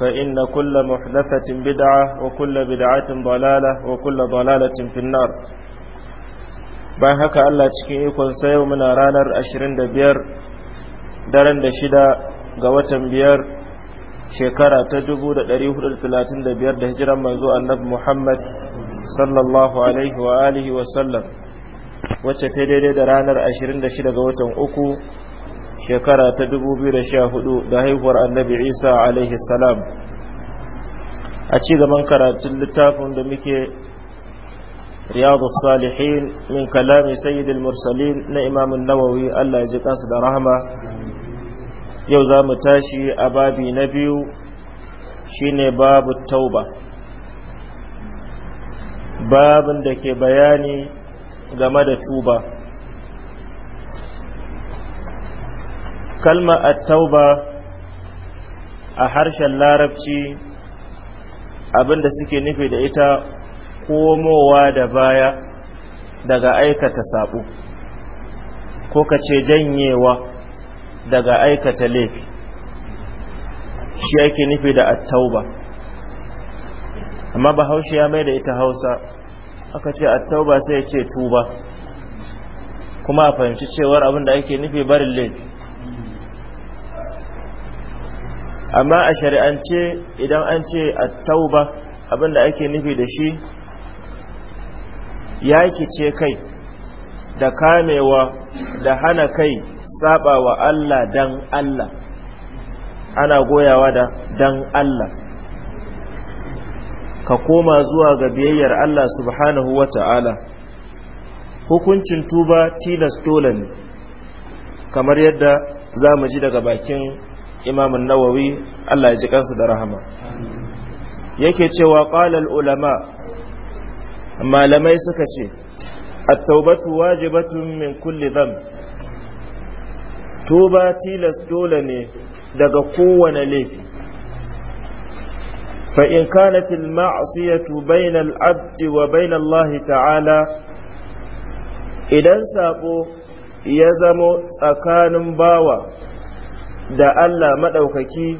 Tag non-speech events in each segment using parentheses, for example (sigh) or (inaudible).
فإن كل محدثة بدعة وكل بدعة ضلالة وكل ضلالة في النار bayan haka Allah cikin ikonsa yau muna ranar 25 daren da shida ga watan biyar shekara ta 1435 da hijiran manzo annabi Muhammad sallallahu alaihi wa alihi wa sallam wacce ta daidai da ranar 26 ga watan uku shekara ta 2014 da haihuwar annabi isa alaihi salam a ci gaban karatun littafin da muke riyadu salihin min kalami sayyidul mursalin na imamun nawawi allah ya ji kansu da rahama yau za mu tashi a babi na biyu shine babu tauba babin da ke bayani game da tuba kalma at-tauba a harshen larabci abinda suke nufi da ita komowa da baya daga aikata sabo ko ka ce janyewa daga aikata laifi shi ake nufi da at-tauba amma haushi ya mai da ita hausa aka ce at-tauba sai ya ce tuba kuma a fahimci cewar abin da ake nufi barin laifi amma a shari'ance idan an ce a tauba abinda ake nufi da shi ya ce kai da kamewa da hana kai saba Allah dan Allah ana goyawa da dan Allah ka koma zuwa ga biyayyar Allah subhanahu wa ta'ala hukuncin tuba tilas dole ne kamar yadda za mu ji daga bakin imamun nawawi Allah ya ji kansu da rahama yake cewa qalal ulama malamai suka ce attaubatu taubatu wajibatun min kulli zam. tuba tilas dole ne daga kowane laifi fa in kanat al-ma'siyatu bayna wa bayna Allah ta'ala idan sabo ya zamo tsakanin bawa da Allah maɗaukaki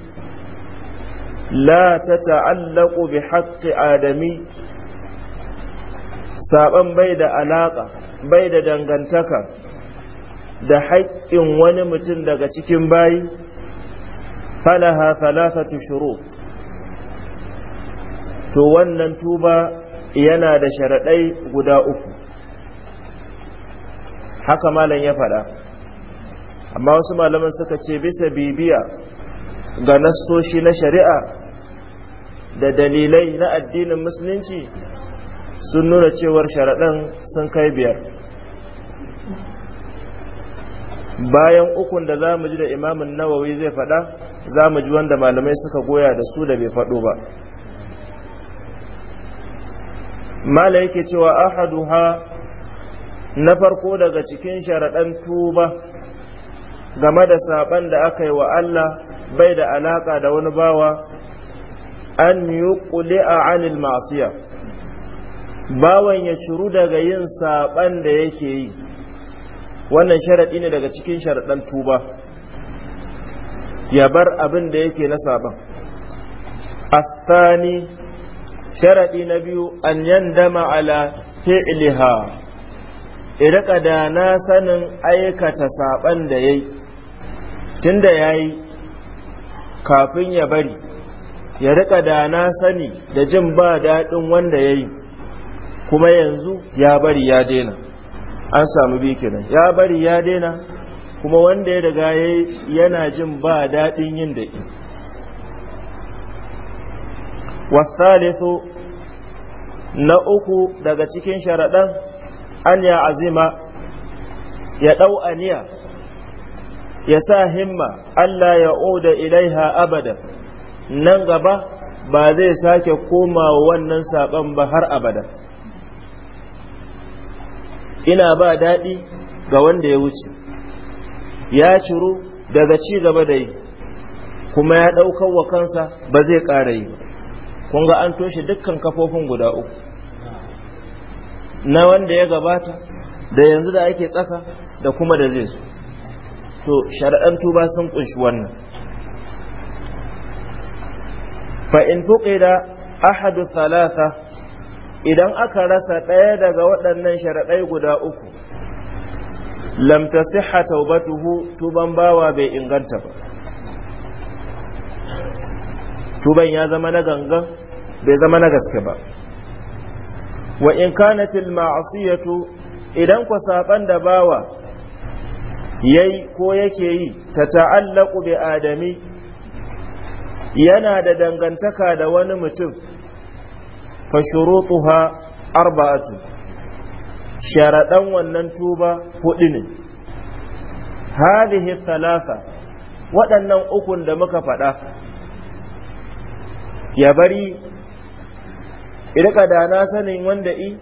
la ta ta'allaku bi haƙƙi adami saɓan bai da alaƙa bai da dangantaka da haƙƙin wani mutum daga cikin bayi falaha salasatu shuru to wannan tuba yana da sharaɗai guda uku haka malam ya faɗa amma wasu malaman suka ce bisa bibiya ga nassoshi na shari'a da dalilai na addinin musulunci sun nuna cewar sharaɗan sun kai biyar bayan ukun da za mu ji da imamin nawawi zai faɗa za mu ji wanda malamai suka goya da su da bai faɗo ba mala yake cewa ahadu ha na farko daga cikin sharaɗan tuba game da saban da aka yi wa Allah bai da alaka da wani bawa an a anil ma'siya bawan ya shiru daga yin saban da yake yi wannan sharaɗi ne daga cikin sharaɗan tuba ya bar abin da yake na saban asani sharaɗi na biyu an yandama ala fi'liha irka da na sanin aikata saban da yayi tun ya yi, kafin ya bari ya rika da na sani da jin ba daɗin wanda ya yi kuma yanzu ya bari ya daina an samu biki ya bari ya daina kuma wanda ya daga yana jin ba daɗin yin da yi wasalisu na uku daga cikin sharaɗan an ya azima ya ɗau aniya ya sa himma Allah ya oda ilaiha abada nan gaba ba zai sake komawa wannan saban ba har abada ina ba daɗi ga wanda ya wuce ya ciru daga ci gaba da yi kuma ya ɗaukar wa kansa ba zai ƙara yi kun ga an toshe dukkan kafofin guda uku na wanda ya gabata da yanzu da ake tsaka da kuma da zai zo to shari'an tuba sun kunshi wannan fa in fuqida ahadu thalatha idan aka rasa ɗaya daga waɗannan sharaɗai guda uku lam tasihha taubatuhu tuban bawa bai inganta ba tuban ya zama na gangan bai zama na gaske ba wa in kanatil ma'asiyatu idan ku saban da bawa yayi ko yake yi ta ta'allaku bi adami yana da dangantaka da wani mutum fa shurutuha arba'atu sharaɗan wannan tuba huɗu ne hadhihi thalatha waɗannan ukun da muka faɗa ya bari irka da na sanin wanda i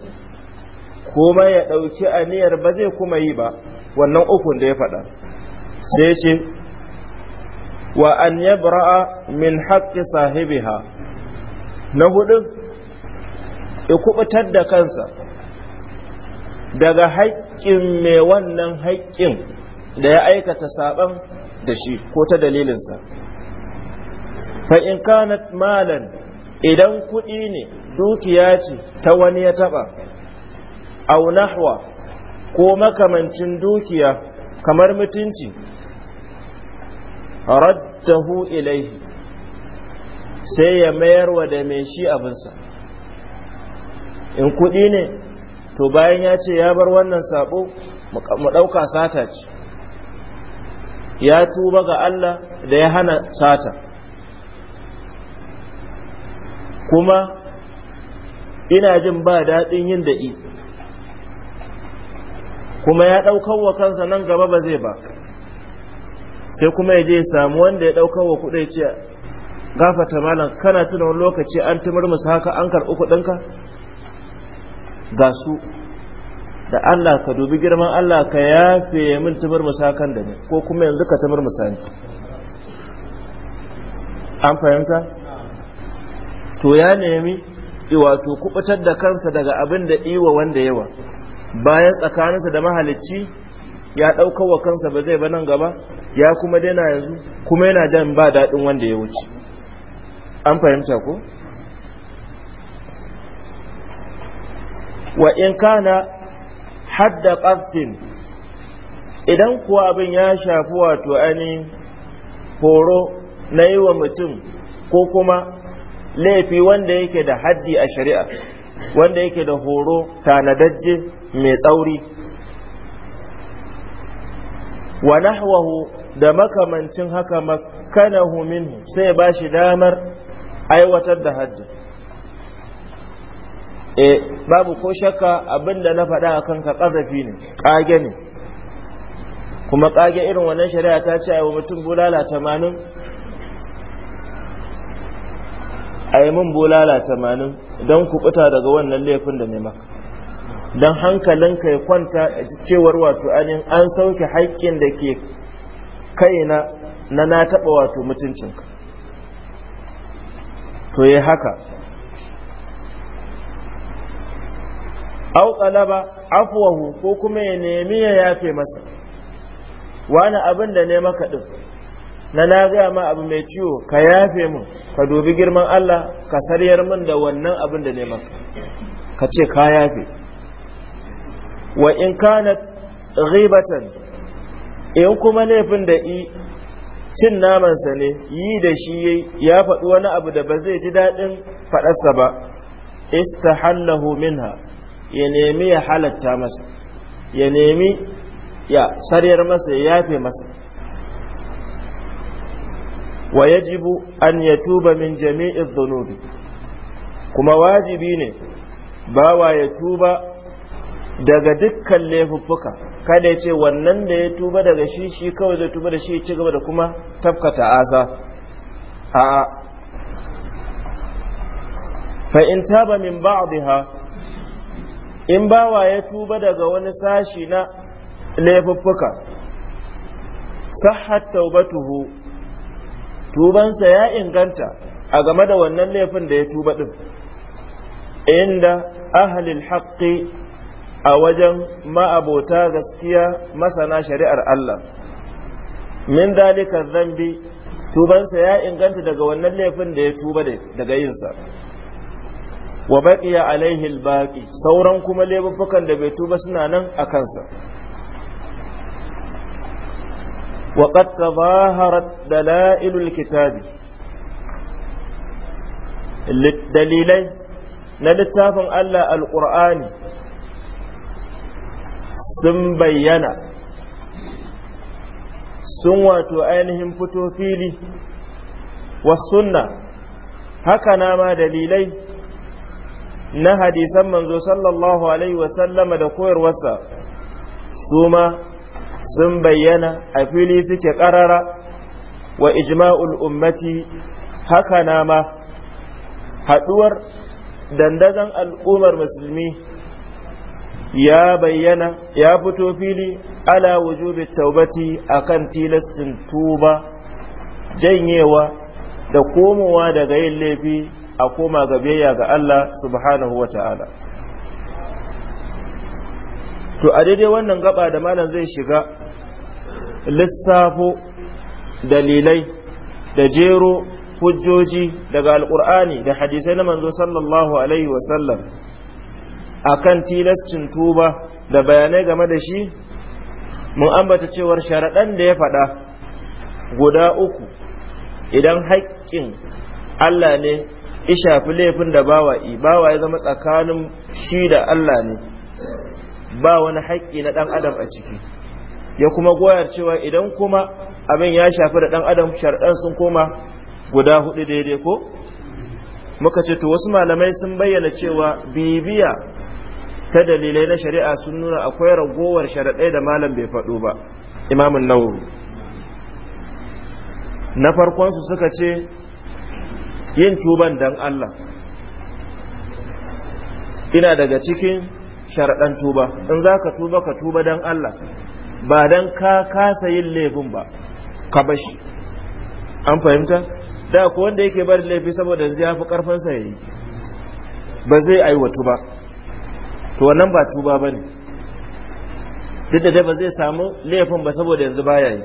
kuma ya ɗauki aniyar ba zai kuma yi ba wannan ukun da ya faɗa sai ya ce wa an yabra'a min haqqi sahibiha na hudu ya kubutar da kansa daga haƙƙin mai wannan haƙƙin da ya aikata saban da shi ko ta dalilinsa fa in kanat malan idan kuɗi ne dukiya ce ta wani ya taɓa au nahwa ko makamancin dukiya kamar mutunci raddahu ilaihi sai ya mayar wa da mai shi abinsa in kuɗi ne to bayan ya ce ya bar wannan sabo mu ɗauka sata ce ya tuba ga Allah da ya hana sata kuma ina jin ba daɗin yin da'i kuma ya ɗaukar wa kansa nan gaba ba zai ba sai kuma ya je ya samu wanda ya ɗaukar wa kuɗai ce gafata malam kana tuna wani lokaci an timar musu haka an karɓi kuɗinka ga su da Allah ka dubi girman Allah ka yafe min timar musu hakan da ne ko kuma yanzu ka timar musu an fahimta? to ya nemi wato kuɓutar da kansa daga abin da iwa wanda yawa bayan tsakaninsa da mahalicci ya ɗauka wa kansa ba zai ba nan gaba ya kuma daina yanzu kuma yana jan ba daɗin wanda ya wuce an fahimta ko wa in kana hadda ƙaffin idan kuwa abin ya shafi wato ainihin horo na yi wa mutum ko kuma laifi wanda yake da haddi a shari'a wanda yake da horo tanadajje mai tsauri wa nahwahu da makamancin haka makanahu minhu sai ba shi damar aiwatar da hajji e babu ko shakka abinda na faɗa a kanka ƙazafi ne ƙage ne kuma ƙage irin wannan shari'a ta ce wa mutum bulala tamanin a yi min bulala tamanin don kuɓuta daga wannan laifin da nema don hankalinka ya kwanta a cewar wato anin an sauke haƙƙin da ke kai na na taɓa wato mutuncinka to yi haka auƙalaba afuwahu ko kuma ya nemi ya yafe masa wani abin da ne maka ɗin na na gaya ma abu mai ciwo ka yafe mun ka dubi girman Allah ka sariyar min da wannan abin da ne maka ka ce ka yafe wa in kanat ghibatan in kuma laifin da i cin namansa ne yi da shi ya faɗi wani abu da ba zai ji daɗin faɗarsa ba istahallahu minha ya nemi ya halatta masa ya nemi ya sariyar masa ya yafe masa wa yajibu an yatuba min jami'in dhunubi kuma wajibi ne bawa ya tuba daga dukkan laifuffuka kada ya ce wannan da ya tuba daga shi shi kawai zai tuba da shi ci gaba da kuma tafkata asa a'a fa in taba min ba'dha in bawa ya tuba daga wani sashi na laifuffuka sahhat taubatuhu tubansa ya inganta a game da wannan laifin da ya tuba din inda ahlil haqqi a wajen ma'abota gaskiya masana shari'ar Allah min dalika zambi tubansa ya inganta daga wannan laifin da ya tuba daga yinsa wa baqiya alaihi albaqi sauran kuma laifukan da bai tuba suna nan a kansa وقد تظاهرت دلائل الكتاب na littafin ألا القرآن sun bayyana sun wato ainihin fito fili wa sunna haka na ma dalilai na hadisan manzo sallallahu alaihi wasallama da koyarwarsa su ma sun bayyana a fili suke karara wa ijma'ul ummati haka na ma haduwar dandazon al'ummar musulmi ya bayyana ya fito fili ala wujubi taubati akan tilastin tuba janyewa da komowa daga yin laifi a koma ga biyayya ga Allah subhanahu wa ta'ala to a daidai wannan gaba da malam zai shiga lissafo dalilai da jero hujjoji daga alkur'ani da hadisai na manzo sallallahu alaihi wasallam akan tilascin tuba da bayanai game da shi mun ambata cewar sharaɗan da ya faɗa guda uku idan haƙƙin Allah ne ishafi laifin da ba i bawa ya zama tsakanin shi da Allah ne ba wani haƙƙi na ɗan adam a ciki ya kuma goyar cewa idan kuma abin ya shafi da ɗan adam sharɗan sun koma guda hudu daidai ko muka ce to wasu malamai sun bayyana cewa bibiya ta dalilai na shari'a sun nuna akwai ragowar sharaɗai da malam bai faɗo ba imamun nauru na farkonsu suka ce yin tuban dan Allah ina daga cikin sharaɗan tuba in za ka tuba ka tuba dan Allah ba dan ka kasa yin laifin ba ka bashi an fahimta da ku wanda yake bari laifi saboda yanzu ya fi karfin sa yayi ba zai aiwatu ba to wannan ba tuba bane duk da dai ba zai samu laifin ba saboda yanzu baya yi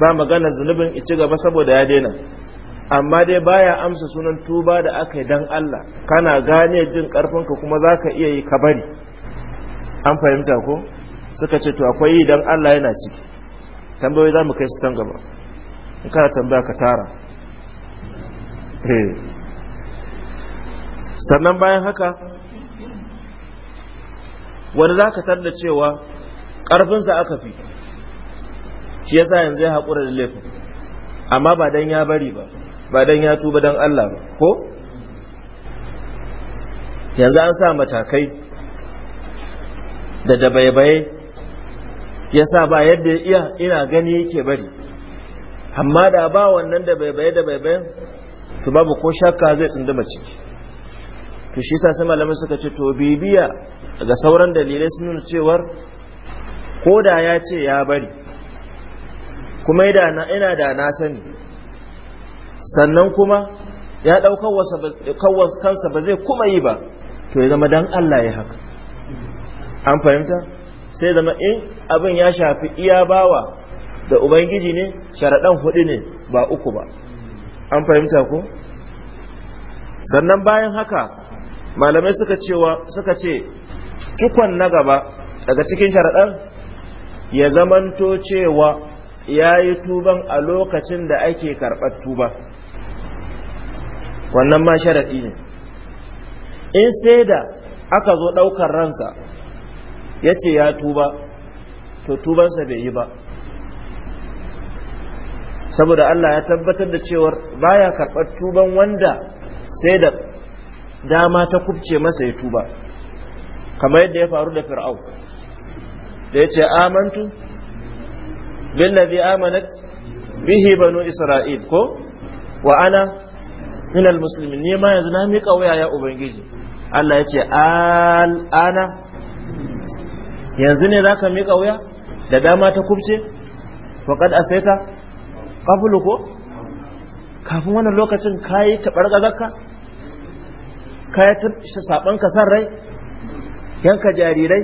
ba magana zunubin ya ci gaba saboda ya daina amma dai baya amsa sunan tuba da aka yi dan Allah kana gane jin karfinka kuma zaka iya yi ka bari an fahimta ko suka ce to akwai yi Allah yana ciki tambayoyi za mu kai su can gaba in kana tambaya ka tara eh. sannan bayan haka wani za ka tarda cewa ƙarfinsa aka fi shi yasa yanzu ya haƙura da laifin amma ba don ya bari ba ba don ya tuba don Allah ba ko yanzu an sa matakai da dabaibaye yasa ba yadda iya ina gani yake bari amma da ba wannan da bai bai da bai bayan to babu ko shakka zai tsunduma ciki to shi sa sai malamai suka ce to bibiya ga sauran dalilai sun nuna cewar ko da ya ce ya bari kuma ina da na sani sannan kuma ya ɗaukar kansa ba zai kuma yi ba to ya zama don Allah ya haka an fahimta sai zama in abin ya shafi iya bawa da ubangiji ne sharaɗan hudu ne ba uku ba an fahimta ko sannan bayan haka malamai suka cewa suka ce cikon na gaba daga cikin sharaɗan ya zamanto cewa ya yi tuban a lokacin da ake karɓar tuba wannan ma sharaɗi ne in sai da aka zo ɗaukar ransa ya ce ya tuba to tubansa bai yi ba saboda Allah ya tabbatar da cewar baya karɓar tuban wanda sai da dama ta kubce masa ya tuba kamar yadda ya faru da fir'au da ya ce amantu billazi amanat bihi banu isra'il ko wa ana minal muslimin ne ma yanzu na miƙa waya ya ubangiji Allah ya ce al'ana yanzu ne za ka miƙa wuya da dama ta kubce faƙad a saita ƙafulu ko kafin wannan lokacin ka yi taɓar gazarka ka yi saɓon kasar rai yanka jarirai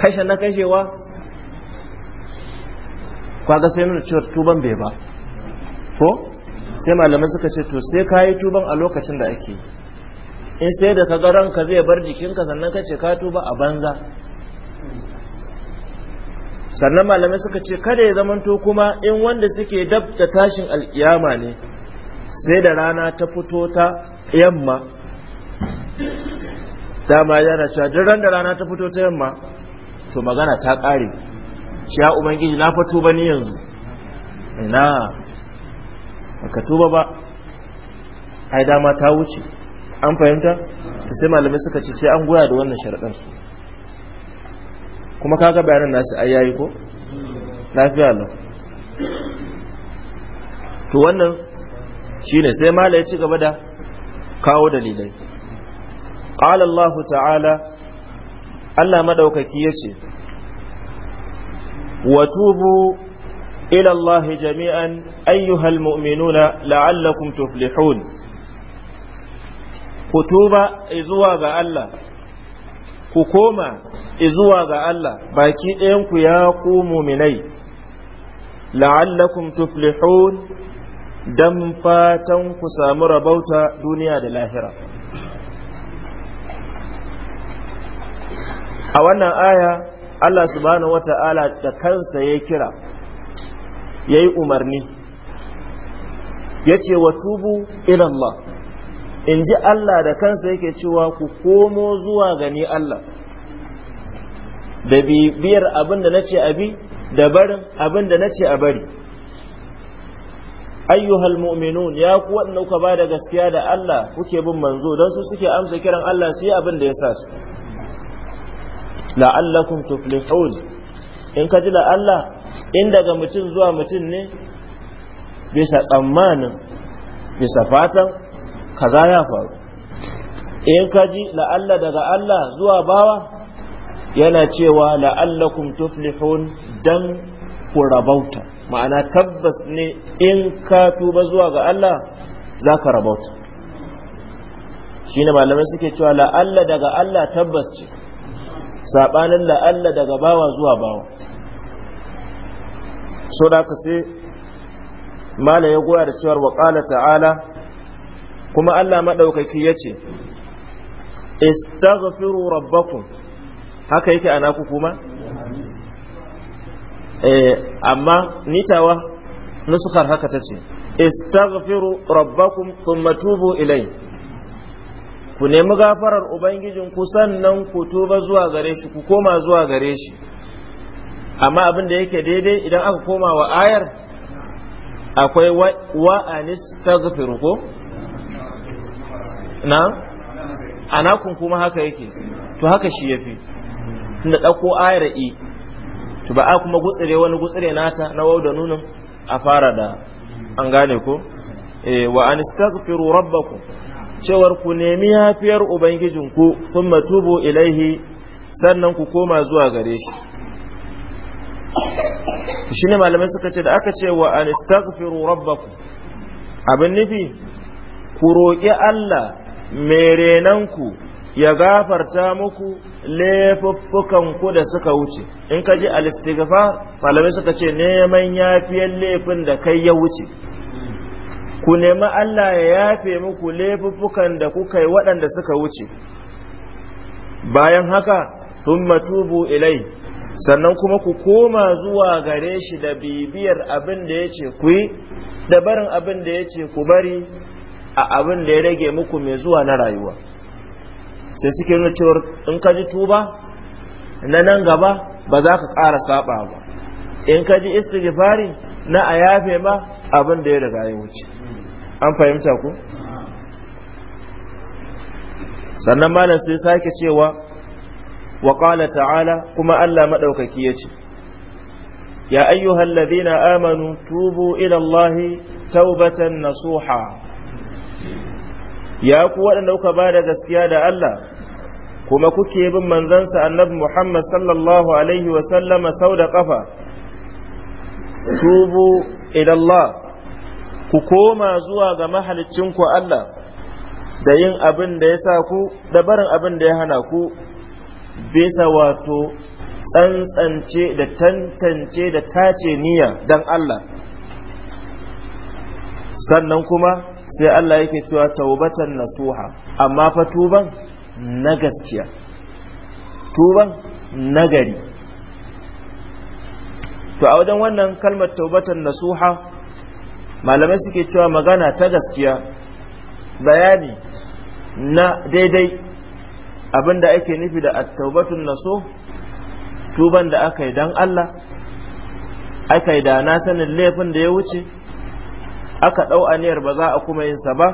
kashe na kashewa kwaga sai nuna cewar tuban bai ba ko sai malamai suka ce to sai ka yi tuban a lokacin da ake in sai da ka ga ranka zai bar jikinka sannan ka ce ka tuba a banza sannan malamai suka ce kada ya zamanto kuma in wanda suke dab da tashin alkiyama ne sai da rana ta fito ta yamma dama yana cewa duk ran da rana ta fito ta yamma to magana ta ƙare shi ya ubangiji na fito ba ni yanzu ina ka tuba ba ai dama ta wuce an fahimta sai malamai suka ce sai an goya da wannan su kuma kaga bayanan nasu ai yayi ko lafiya lo to wannan shine sai mala ya ci gaba da kawo dalilai qala Allah ta'ala Allah madaukaki yace wa tubu ila Allah jami'an ayyuhal mu'minuna la'allakum tuflihun ku tuba zuwa ga Allah ku koma izuwa ga Allah baki ɗayanku ya ku muminai la'allakum tuflihun dan fatan ku samu rabauta duniya da lahira a wannan aya Allah subhanahu wata'ala da kansa ya kira ya yi umarni ya ce wa tubu ilallah in ji Allah da kansa yake cewa ku komo zuwa gani Allah da bibiyar abin da ce abi da barin abin da ce a bari ayyuhal mu'minun ya ku waɗanda kuka ba da gaskiya da Allah kuke bin manzo don su suke amsa kiran Allah su yi abin da ya sa su la'allakum tuflihun in ka ji Allah in daga mutum zuwa mutum ne bisa tsammanin bisa fatan kaza ya faru in ka ji la'alla daga Allah zuwa bawa yana cewa la'allakum tuflihun dan ku rabauta ma'ana tabbas ne in ka tuba zuwa ga Allah za ka rabauta shi ne malamai suke cewa la'alla daga Allah tabbas ce saɓanin la'alla daga bawa zuwa bawa so da ka sai mala ya goya da cewar waƙala ta'ala kuma Allah maɗaukaki ya ce istaghfiru rabbakum haka yake ana ku kuma eh amma nitawa nusukar haka tace istaghfiru rabbakum thumma tubu ilayhi ku nemi gafarar ku sannan ku tuba zuwa gare shi ku koma zuwa gare shi amma abin da yake daidai idan aka koma wa ayar akwai wa anistaghfiru ko na anakun kuma haka yake to haka shi yafi tunda ɗauko ayar i to ba a kuma gutsire wani gutsire nata na wau da nunin a fara da an gane ko eh wa an istaghfiru rabbakum cewar ku nemi yafiyar ku thumma tubu ilaihi sannan ku koma zuwa gare shi shine malamai suka ce da aka ce wa an istaghfiru rabbakum abin nufi ku roƙi Allah mai renanku ya gafarta muku ku da suka wuce in ka ji alistighfar malamai suka ce neman yafiyan laifin da kai ya wuce ku nemi Allah ya yafe muku laifuffukan da kuka yi waɗanda suka wuce bayan haka thumma matubu ilai sannan kuma ku koma zuwa gare shi da bibiyar abin da ya ce ku yi da barin abin da ya ce ku bari a abin da ya rage muku mai zuwa na rayuwa sai suke nuna cewar in ka ji tuba na nan gaba ba za ka ƙara saba ba in ka ji istighfari na a yafe ma abin da ya riga ya wuce an fahimta ku sannan malam sai sake cewa wa qala ta'ala kuma Allah madaukaki yace ya ayyuhal ladina amanu tubu ila Allah taubatan nasuha ya ku waɗanda kuka ba da gaskiya da Allah kuma kuke bin manzansa annabi Muhammad sallallahu alaihi wa sallama sau da ƙafa tubu ilallah ku koma zuwa ga ku Allah da yin abin da ya sa ku da barin abin da ya hana ku bisa wato tsantsance da tantance da tace niyya don Allah sannan kuma sai Allah yake cewa taubatan nasuha amma fa tuban na gaskiya tuban nagari to a wajen wannan kalmar taubatan nasuha malamai suke cewa magana ta gaskiya bayani na daidai abinda ake nufi da taubatun naso tuban da aka yi don Allah aka yi da na sanin laifin da ya wuce aka ɗau aniyar ba za a kuma yin sa ba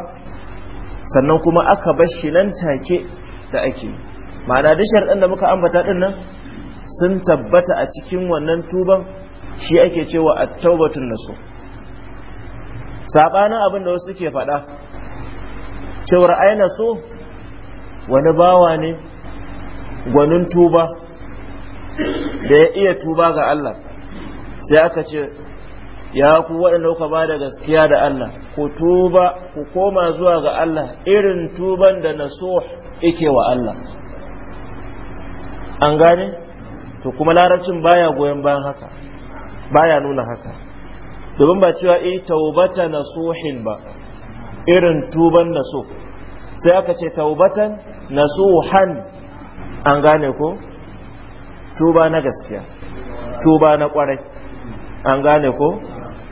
sannan kuma aka bar shi nan take da ake ma'ana duk sharɗan da muka ambata ɗin nan sun tabbata a cikin wannan tuban shi ake cewa a taubatun nasu sabanin abin da wasu ke faɗa cewar ai so wani bawa ne gwanin tuba da ya iya tuba ga Allah sai aka ce ya ku waɗanda kuka ba da gaskiya da Allah ku tuba ku koma zuwa ga Allah irin tuban da nasuh yake wa Allah an gane to kuma larabcin baya goyon bayan haka baya nuna haka domin ba cewa eh taubata nasuhin ba irin tuban nasuh sai aka ce taubatan nasuhan an gane ko tuba na gaskiya tuba na kwarai an gane ko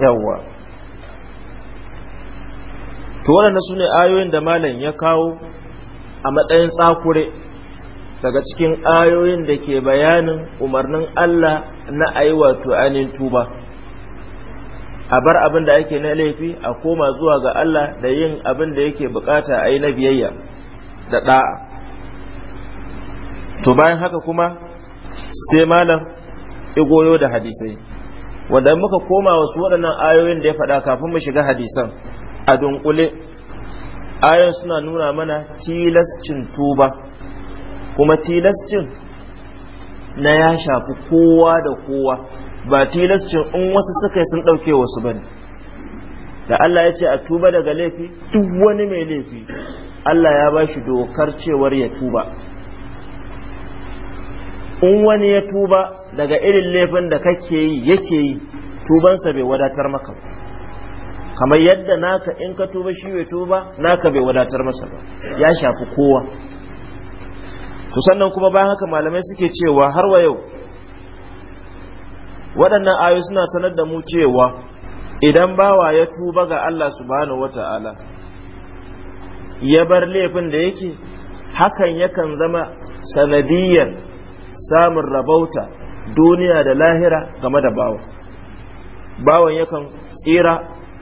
yawwa to waɗanda su ne ayoyin da malam ya kawo a matsayin tsakure daga cikin ayoyin da ke bayanin umarnin Allah na a wato tuba a bar abin da ake na laifi a koma zuwa ga Allah da yin abin da yake bukata a yi na biyayya da ɗa'a to bayan haka kuma sai malam igoyo da hadisai wanda muka koma wasu waɗannan ayoyin da ya faɗa kafin mu shiga hadisan a dunkule ayoyin suna nuna mana tilascin tuba kuma tilascin na ya shafi kowa da kowa ba tilascin in wasu suka yi sun ɗauke wasu ba da Allah ya ce a tuba daga laifi duk wani mai laifi Allah ya ba shi dokar cewar ya tuba in wani ya tuba daga irin laifin da kake yi yake yi tubansa bai wadatar maka ba kamar yadda naka in ka tuba shi bai tuba naka bai wadatar masa ba ya shafi kowa to sannan kuma bayan haka malamai suke cewa har wa yau waɗannan ayoyi suna sanar da mu cewa idan bawa ya tuba ga Allah subhanahu wata'ala ya bar laifin da yake hakan yakan zama sanadiyar samun rabauta duniya da lahira game da bawa bawan yakan tsira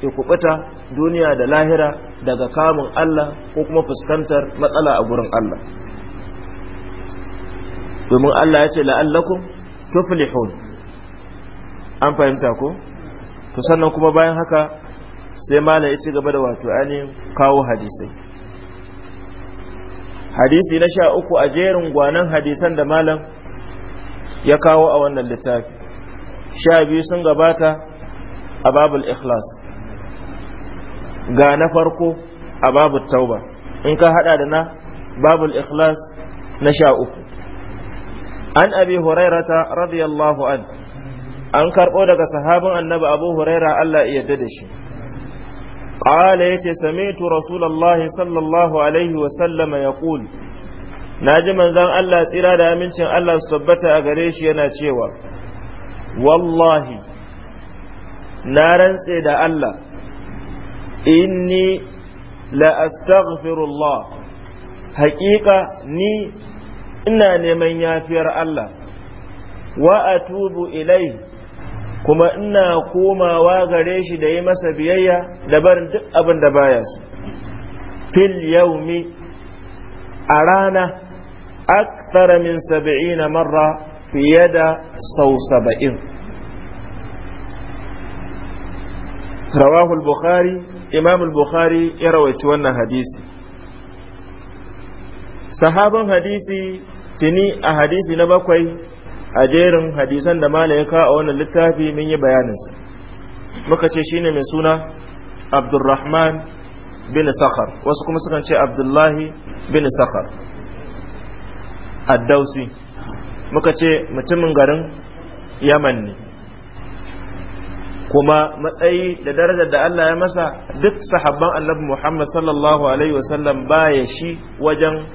ya kubuta duniya da lahira daga kamun Allah ko kuma fuskantar matsala a gurin Allah domin Allah ya ce la'allakum tuflihun an fahimta ko to sannan kuma bayan haka sai mala ya ci gaba da wato ainihin kawo hadisai hadisi na sha uku a jerin gwanan hadisan da malam ya kawo a wannan littafi sha biyu sun gabata a babul ikhlas ga na farko a babul tauba in ka hada da na babul ikhlas na sha uku an abi hurairata radiyallahu an an karɓo daga sahabin annabi abu huraira Allah yadda yarda da shi قال يتي سمعت رسول الله صلى الله عليه وسلم يقول na ji manzan Allah tsira da amincin Allah su tabbata a gare shi yana cewa wallahi na rantse da Allah inni la astaghfirullah haƙiƙa ni ina neman yafiyar Allah wa atubu ilai kuma ina komawa gare shi da yi masa biyayya da barin duk abin da baya su fil yaumi a rana akthara min sab'ina marra fiye da sau saba'in rawahul bukhari imamul bukhari ya rawaci wannan hadisi Sahaban hadisi tuni a hadisi na bakwai a jerin hadisan da mala ya kawo a wannan littafi mun yi bayaninsa muka ce shine mai suna Abdulrahman bin sakhar wasu kuma sukan ce abdullahi bin sakhar addausi muka ce mutumin garin yaman ne kuma matsayi da darajar da Allah ya masa duk sahabban annabi Muhammad sallallahu alaihi wasallam baya shi wajen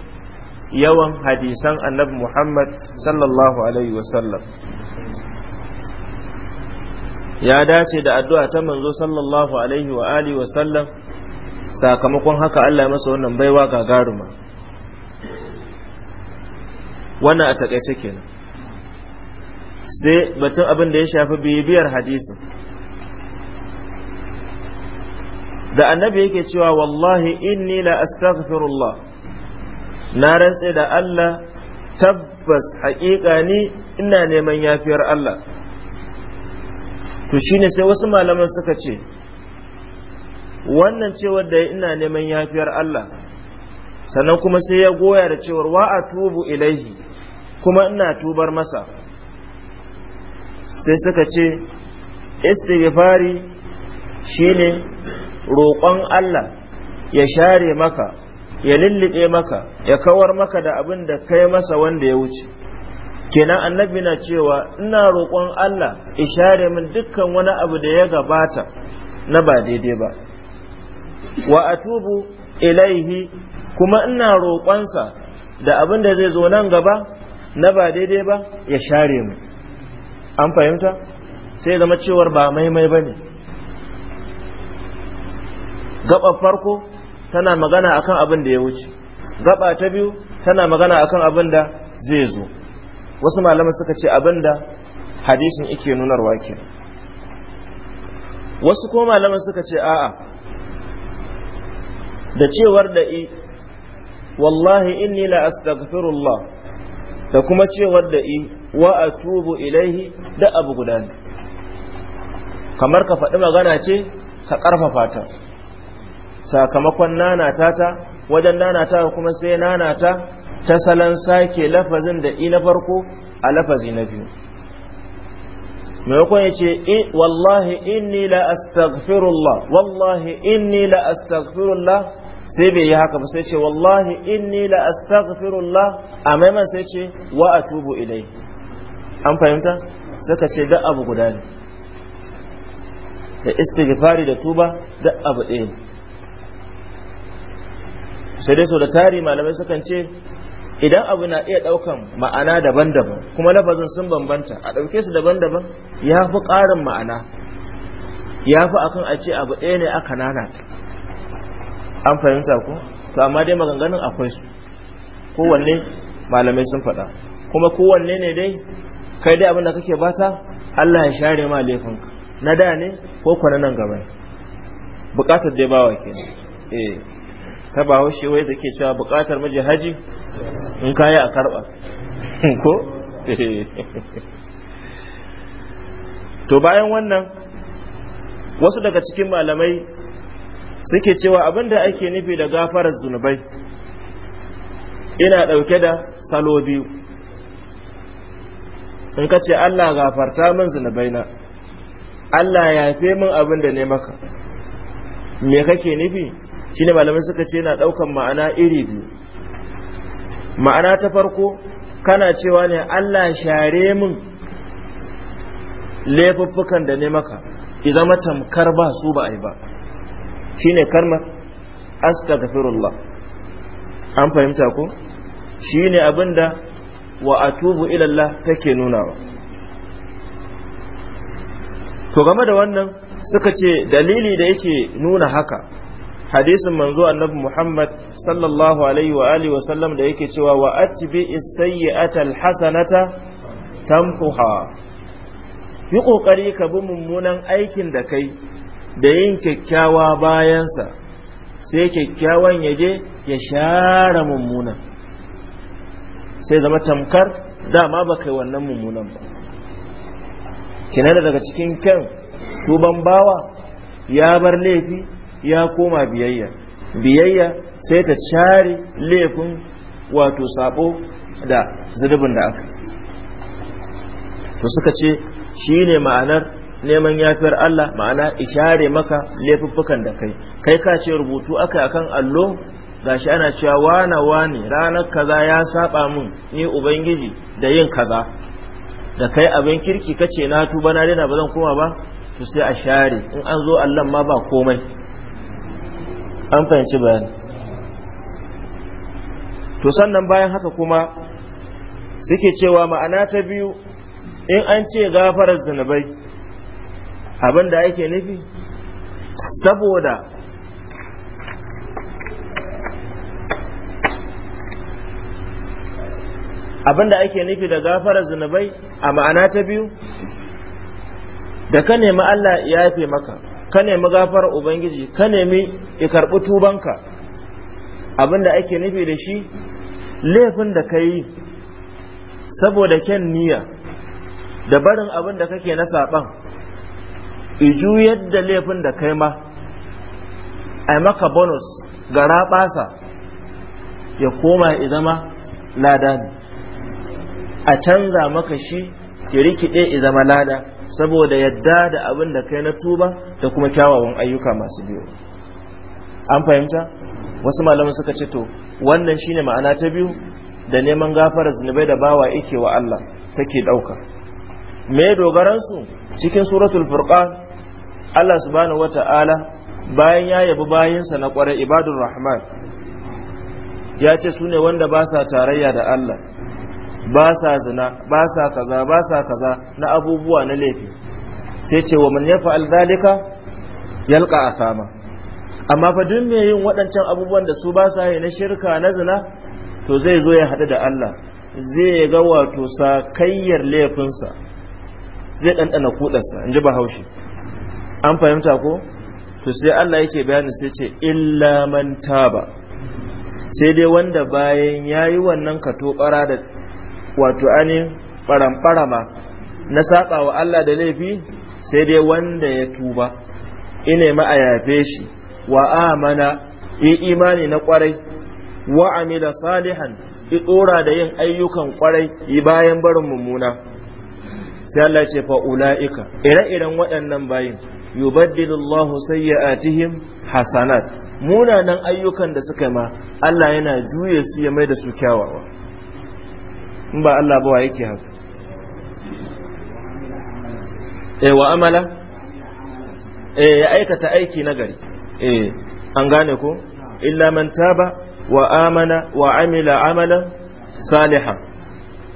yawan hadisan annabi Muhammad sallallahu alaihi wasallam ya dace da addu'a ta manzo sallallahu alaihi wa alihi wasallam sakamakon haka Allah ya masa wannan baiwa gagaruma wannan a takaice kenan sai batun abin da ya shafi bibiyar hadisin da annabi yake cewa wallahi inni la astaghfirullah na rantse da Allah tabbas haƙiƙa ni ina neman yafiyar Allah to shine sai wasu malaman suka ce wannan cewar da ina neman yafiyar Allah sannan kuma sai ya goya da cewar wa atubu ilaihi kuma ina tubar masa sai suka ce istighfari shine roƙon Allah ya share maka ya lullube maka ya kawar maka da abin da kai masa wanda ya wuce kenan annabi na cewa ina roƙon Allah ya share min dukkan wani abu da ya gabata na ba daidai ba wa atubu ilaihi kuma ina roƙonsa da abin da zai zo nan gaba na ba daidai ba ya share mu an fahimta sai zama cewar ba maimai ba ne gaba farko tana magana akan abin da ya wuce gaba ta biyu tana magana akan abin da zai zo wasu malamai suka ce abin da hadisin ike nunarwa ke wasu ko malamai suka ce a'a da cewar da i wallahi inni la astaghfirullah da kuma cewar da i wa atubu ilaihi da abu guda kamar ka faɗi magana ce ka ƙarfafa ta sakamakon nanata ta wajen nanata kuma sai nanata ta salon sake lafazin da i na farko a lafazi na biyu maimakon ya ce wallahi inni la astaghfirullah wallahi inni la astaghfirullah sai bai yi haka ba sai ce wallahi inni la astaghfirullah a maimakon sai ce wa atubu ilai an fahimta suka ce da abu guda ne da istighfari da tuba da abu ɗaya ne sai dai so da tari malamai sukan ce idan abu na iya ɗaukan ma'ana daban-daban kuma lafazin sun bambanta a ɗauke su daban-daban ya fi ƙarin ma'ana ya fi akan a ce abu ɗaya ne aka nanata an fahimta ko to amma dai maganganun akwai su kowanne malamai sun faɗa kuma kowanne ne dai kai dai abin da kake bata Allah ya share ma ka na da ne ko kwana nan gaba bukatar dai bawa ke eh ta bawo shi wai take cewa bukatar miji haji in kai a karba (laughs) ko (laughs) to bayan wannan wasu daga cikin malamai suke cewa abin da ake nufi da gafarar zunubai ina ɗauke da salo biyu in ka ce Allah gafarta min zunubai na Allah ya fe min abinda da ne maka me kake nufi shine malamai suka ce yana ɗaukan ma'ana iri biyu ma'ana ta farko kana cewa ne Allah share min laifuffukan da ne maka ki zama tamkar ba su ba a yi ba shine kalmar astaghfirullah an fahimta ko shine abinda wa atubu ila Allah take nunawa to game da wannan suka ce dalili da yake nuna haka hadisin manzo annabi Muhammad sallallahu alaihi wa alihi wa sallam da yake cewa wa atbi as-sayyi'ata al-hasanata tamkuha yi kokari ka bi mummunan aikin da kai da yin kyakkyawa bayansa sai kyakkyawan ya je ya share mummunan sai zama tamkar dama ba kai wannan mummunan ba da daga cikin kyan tuban bawa ya bar laifi ya koma biyayya biyayya sai ta share laifin wato sabo da zurubin da aka to suka ce shi ne ma'anar neman yafiyar Allah ma'ana ishare maka laifuffukan da kai kai ka ce rubutu aka akan allo shi ana cewa wana wani ranar kaza ya saba mun ni ubangiji da yin kaza da kai abin kirki kace na tuba na daina ba zan koma ba to sai a share in an zo Allah ma ba komai an fahimci bayani to sannan bayan haka kuma suke cewa ma'ana ta biyu in an ce gafarar zunubai abin da ake nufi saboda abin da ake nufi da gafara zunubai a ma'ana ta biyu da ka nemi Allah ya yafe maka ka nemi gafarar ubangiji ka nemi ya karɓi tubanka abin da ake nufi da shi laifin da ka yi saboda kyan niyya da barin abin da kake na saɓan iju yadda laifin da kai ma a maka bonus ga rabasa ya koma ya zama lada ne a canza maka shi ya rikide izama lada saboda yadda da abin da kai na tuba da kuma kyawawan ayyuka masu biyu an fahimta wasu malaman suka ce to wannan shine ma'ana ta biyu da neman gafara zunubai da bawa yake wa Allah take dauka me dogaransu cikin suratul furqan Allah subhanahu wata'ala bayan ya yabi bayansa na kwarai ibadun rahman ya ce su ne wanda ba sa tarayya da Allah ba sa zina ba sa kaza ba sa kaza na abubuwa na laifi sai ce wa man yalka dalika yalqa asama amma fa duk mai yin waɗancan abubuwan da su ba sa yi na shirka na zina to zai zo ya haɗu da Allah zai ga wato sakayyar laifinsa zai ɗanɗana kuɗarsa in ji bahaushe an fahimta ko to sai Allah yake bayani sai ce illa man taba sai dai wanda bayan yayi wannan kato bara da wato anin na saba wa Allah da laifi sai dai wanda ya tuba ine ma ayabe shi wa amana yi imani na kwarai wa amila salihan yi tsora da yin ayyukan kwarai yi bayan barin mummuna sai Allah ce fa ula'ika ire-iren waɗannan bayin yubaddilu Allahu sayyi'atihim hasanat nan ayyukan da suka ma Allah yana juye su ya maida su kyawawa in ba Allah ba wa yake haka eh wa amala eh ya aikata aiki nagari eh an gane ko illa man taba wa amana wa amila amalan salihan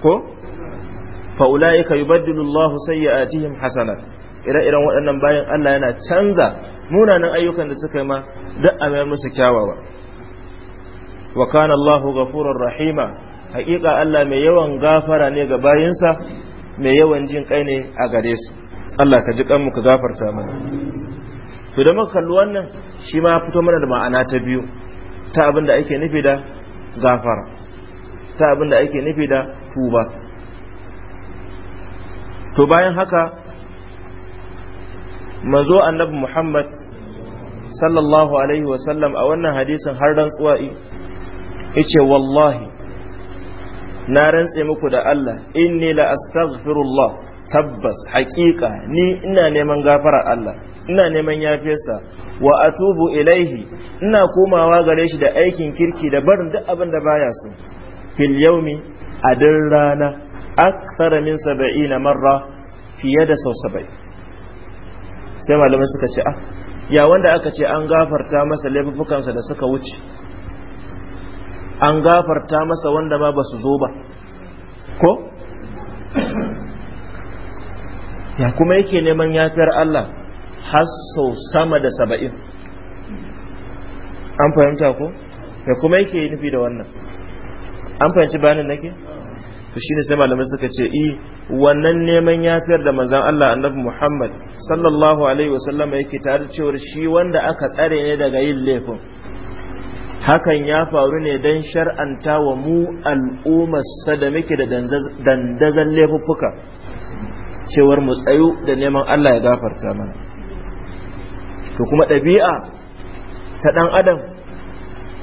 ko fa ulaika yubaddilu Allahu sayyi'atihim hasanat ire-iren waɗannan bayan Allah yana canza munanan ayyukan da suka yi ma duk a mayar musu kyawawa wa kana Allahu ghafurur rahima haƙiƙa Allah mai yawan gafara ne ga bayinsa mai yawan jin kai ne a gare su Allah ka ji kanmu ka gafarta mana to da muka kalli wannan shi ma fito mana da ma'ana ta biyu ta abin da ake nufi da gafara ta abin da ake nufi da tuba to bayan haka manzo annabi muhammad sallallahu alaihi wasallam a wannan hadisin har rantsuwa yace wallahi na rantse muku da Allah inni la astaghfirullah tabbas haƙiƙa ni ina neman gafarar Allah ina neman yafiyarsa wa atubu ilaihi ina komawa gare shi da aikin kirki da barin duk abin da baya so fil yaumi a rana aksara min saba'ina marra fiye da sau saba'in sai malamai suka ce a? Ah, ya wanda aka ce an gafarta masa laifukansa da suka wuce an gafarta masa wanda ma ba su zo ba ko ya kuma yake neman yafiyar Allah har sau sama da saba'in an fahimta ko ya kuma yake nufi da wannan an fahimci bayanin nake? to shine sai malamai suka ce i eh, wannan neman yafiyar da manzon Allah annabi Muhammad sallallahu alaihi wasallama yake tare cewa shi wanda aka tsare ne daga yin laifin hakan ya faru ne don shar'anta wa mu al'ummarsa da muke da dandazan laifuffuka cewar mu tsayu da neman Allah ya gafarta mana to kuma ɗabi'a ta ɗan adam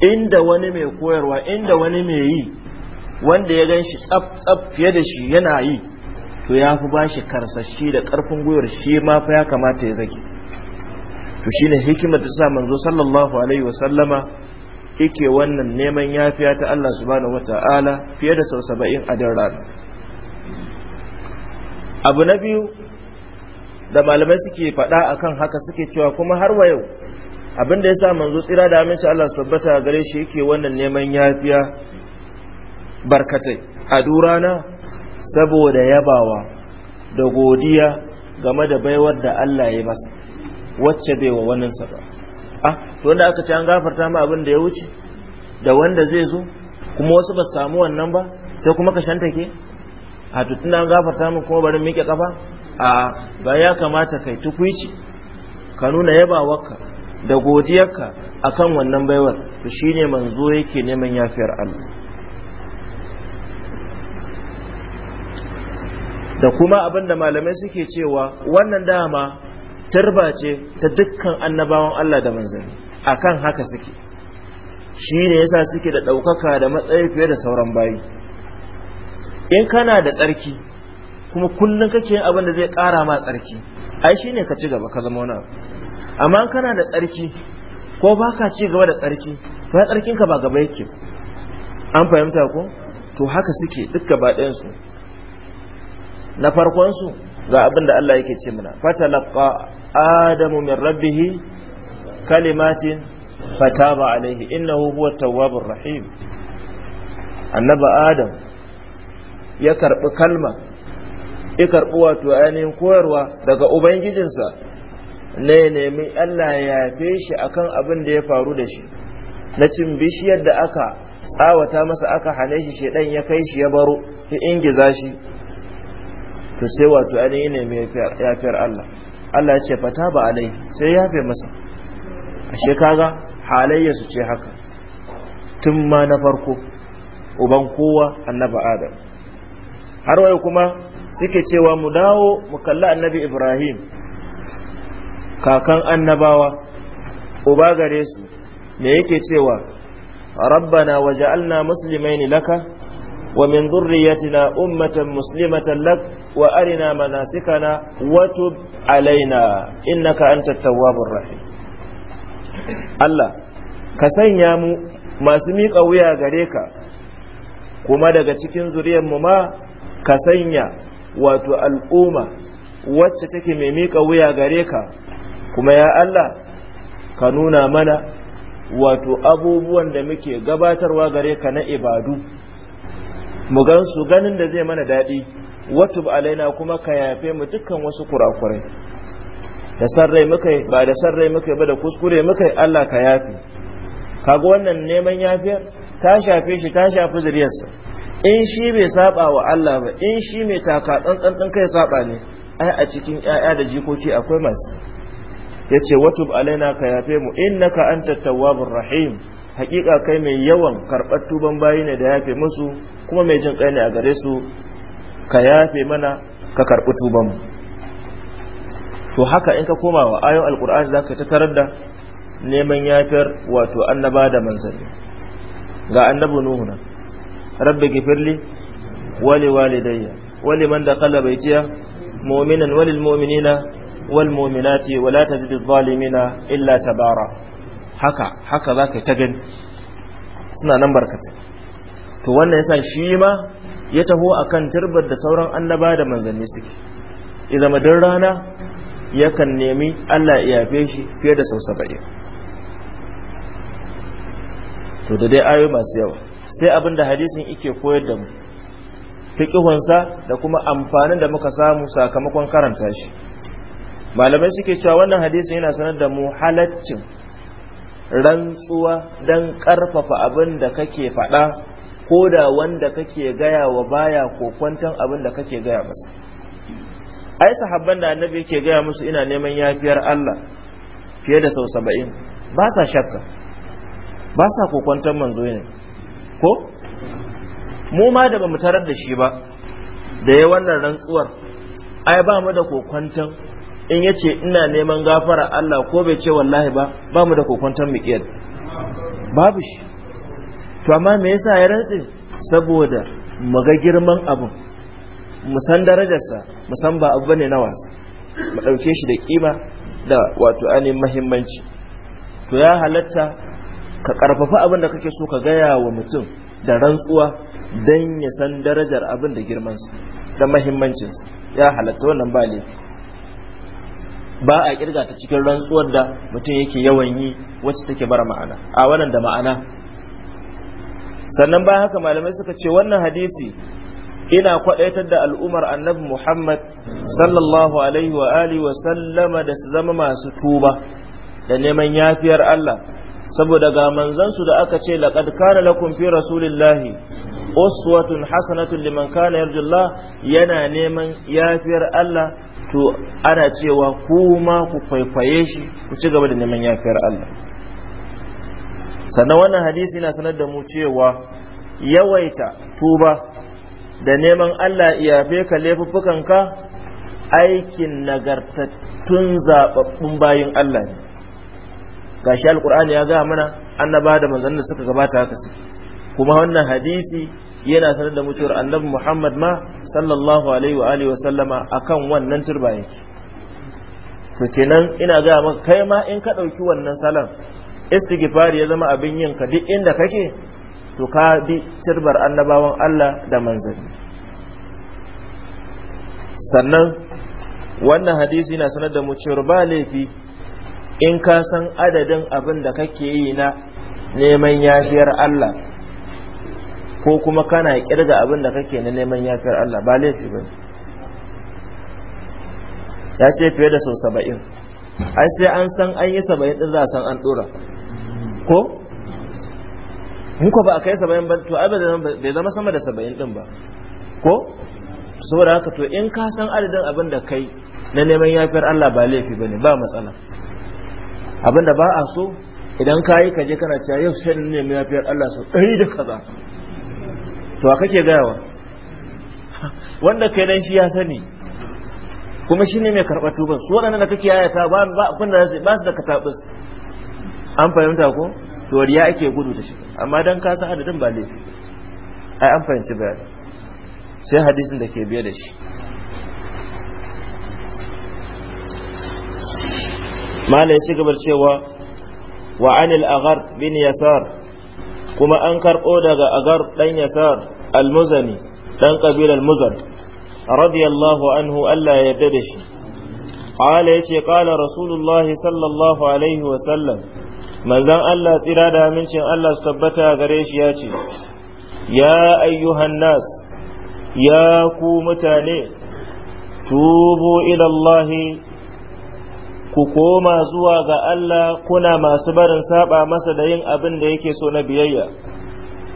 inda wani mai koyarwa inda wani mai yi wanda ya gan shi tsaf tsaf fiye da shi yana yi to ya fi ba shi karsashi da karfin gwiwar shi ma fa ya kamata ya zaki to shine hikimar ta sa manzo sallallahu alaihi wa sallama yake wannan neman yafiya ta Allah subhanahu wata'ala fiye da sau saba'in a dan rana abu na biyu da malamai suke faɗa akan haka suke cewa kuma har wa yau abin da ya sa manzo tsira da aminci Allah su tabbata gare shi yake wannan neman yafiya barkatai a durana saboda yabawa da godiya game da baiwar da Allah ya masa wacce bai wa sa ba ah to wanda aka ce an gafarta ma abin da ya wuce da wanda zai zo kuma wasu ba samu wannan ba sai kuma ka shanta a tutuna an gafarta mu kuma bari miƙe kafa a ba ya kamata kai tukwici ka nuna yabawarka da godiyarka akan wannan baiwar to shine manzo yake neman yafiyar Allah da kuma abin da malamai suke cewa wannan dama tarba ce ta dukkan annabawan Allah da manzanni akan haka suke shi ne yasa suke da ɗaukaka da matsayi fiye da sauran bayi in kana da tsarki kuma kullum kake yin abin da zai ƙara ma tsarki ai shi ne ka ci gaba ka zama wani amma kana da tsarki ko ba ka ci gaba da tsarki ba tsarkinka ba gaba yake an fahimta ko to haka suke duk gaba ɗayansu na farkon su ga abin da Allah yake ce mana fatalaqa adamu min rabbihi kalimatin fataba alaihi innahu huwa tawwabur rahim annaba adam ya karbi kalma ya karbi wato ainihin koyarwa daga ubangijinsa ne nemi Allah ya yafe shi akan abin da ya faru da shi na cin bishiyar da aka tsawata masa aka hane shi shedan ya kai shi ya baro ya ingiza shi to sai wato ainihin ne mai yafiyar Allah Allah ya ce fata ba alai sai ya fi masa a shekaga halayya su ce haka tun ma na farko uban kowa annaba adam har wai kuma suke cewa mu dawo mu kalli annabi ibrahim kakan annabawa uba gare su me yake cewa rabbana waja'alna muslimaini laka ومن ذريتنا أمة مسلمة لك وأرنا مناسكنا وتب علينا إنك أنت التواب الرحيم الله كسن يامو ما سميك أويا غريكا kuma daga cikin zuriyar mu ma ka sanya wato al'umma wacce take mai miƙa wuya gare ka kuma ya Allah ka nuna mana wato abubuwan da muke gabatarwa gare ka na ibadu mu gan su ganin da zai mana daɗi watub alaina kuma ka yafe mu dukkan wasu kurakurai da sarrai muka ba da sarrai muka ba da kuskure muka Allah ka yafe kaga wannan neman yafiyar ta shafe shi ta shafi zuriyarsa in shi bai saba wa Allah ba in shi mai taka tsantsan din kai saba ne ai a cikin 'ya'ya da jikoki akwai masu yace watub alaina ka yafe mu innaka antat tawwabur rahim hakika kai mai yawan karɓar tuban bayi ne da yafe musu kuma mai jin kai ne a gare su ka yafe mana ka karɓi tubanmu to haka in ka koma wa ayon alkur'ani za ka ta tarar da neman yafiyar wato annaba da manzanni ga annabu nuhuna rabbi gifirli wali walidayya wali man da kala baitiya mu'minan walil mu'minina wal mu'minati wala tazidiz zalimina illa tabara haka haka za ka ta gani suna nan barkata to wannan yasa shi ma ya taho a kan turbar da sauran annaba da manzanni suke ya zama rana rana yakan nemi Allah ya yafe shi fiye da sau saba'in to da dai ayoyi masu yawa sai abin da hadisin ike koyar da mu fiƙihunsa da kuma amfanin da muka samu sakamakon karanta shi malamai suke cewa wannan hadisin yana sanar da mu halaccin rantsuwa don ƙarfafa abin da kake faɗa ko da wanda kake gaya wa baya ko kwantan abin da kake gaya masa ai sahabban da annabi yake gaya musu ina neman yafiyar Allah fiye da sau saba'in ba sa shakka ba sa kokwantar manzo ne ko mu ma da bamu tarar da shi ba da ya wannan rantsuwar ai ba mu da kokwantan in ya ce ina neman gafara Allah ko bai ce wallahi ba ba mu da kokwantar miƙiyar babu shi to amma me yasa ya rantse saboda mu ga girman abin mu san darajarsa mu san ba abu bane na wasa mu ɗauke shi da kima da wato ainihin mahimmanci to ya halatta ka ƙarfafa abin da kake so ka gaya wa mutum da rantsuwa don ya san darajar abin da girmansa da mahimmancinsa ya halatta wannan ba laifi ba a kirga ta cikin rantsuwar da mutum yake yawan yi wacce take bara ma'ana a wannan da ma'ana sannan bayan haka malamai suka ce wannan hadisi ina kwadaitar da al'umar annabi Muhammad sallallahu alaihi wa alihi wa sallama da su zama masu tuba da neman yafiyar Allah saboda ga manzansu da aka ce laqad kana lakum fi rasulillahi uswatun hasanatun liman kana yarjullah yana neman yafiyar Allah to ana cewa kuma ku kwaikwaye shi ku ci gaba da neman yafiyar Allah sannan wannan hadisi yana sanar da mu cewa yawaita tuba da neman Allah yafe ka laifuffukanka aikin nagartattun zababbun bayin Allah ne gashi alƙurani ya gaya mana annaba da manzannin suka gabata haka suke kuma wannan hadisi yana sanar da mutuwar annabi Muhammad ma sallallahu alaihi wa alihi wasallama akan wannan turba to kenan ina ga maka kai ma in ka dauki wannan salam istighfar ya zama abin yin ka duk inda kake to ka bi turbar annabawan Allah da manzanni sannan wannan hadisi yana sanar da mutuwar ba laifi in ka san adadin abin da kake yi na neman yashiyar Allah ko kuma kana kirga abin da kake na neman yafiyar Allah ba laifi ba ya ce fiye da sau saba'in ai sai an san an yi saba'in din za a san an dora ko muka ba a kai saba'in ba to ai bai zama sama da saba'in din ba ko saboda haka to in ka san adadin abin da kai na neman yafiyar Allah ba laifi bane ba matsala abin da ba a so idan ka yi kaje kana cewa yau sai neman yafiyar Allah sau ɗari da kaza to a kake gayawa wanda kai dan shi ya sani kuma shi ne mai karɓar tuban su waɗanda da kake yayata ba kun da ba su da katabus an fahimta ko to riya ake gudu ta shi amma dan ka san adadin ba laifi ai an fahimci ba sai hadisin da ke biye da shi mala ya ci gabar cewa wa anil aghar bin yasar kuma an karɓo daga agar ɗan yasar almuzani ɗan ƙabilar muzan radiyallahu anhu Allah ya yarda da shi qala yace qala rasulullahi sallallahu alaihi wa sallam manzon Allah tsira da amincin Allah su tabbata gare shi yace ya ayyuhan nas ya ku mutane tubu ila ku koma zuwa ga Allah kuna masu barin saba masa da yin abin da yake so na biyayya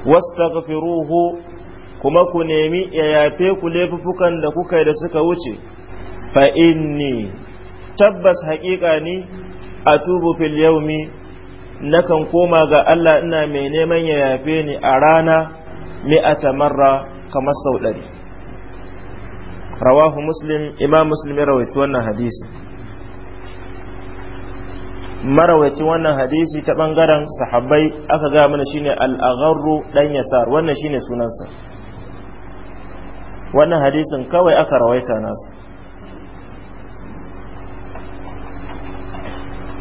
wastaghfiruhu kuma ku nemi ya yafe ku laifukan da kuka yi da suka wuce fa inni tabbas haƙiƙa ni atubu fil yaumi nakan koma ga Allah ina mai neman ya yafe ni a rana mi'ata marra kamar sau ɗari rawahu muslim imam muslim ya wannan hadisi marawaci wannan hadisi ta bangaren sahabbai aka ga mana shine al-agharru dan yasar wannan shine sunansa wannan hadisin kawai aka rawaita nasa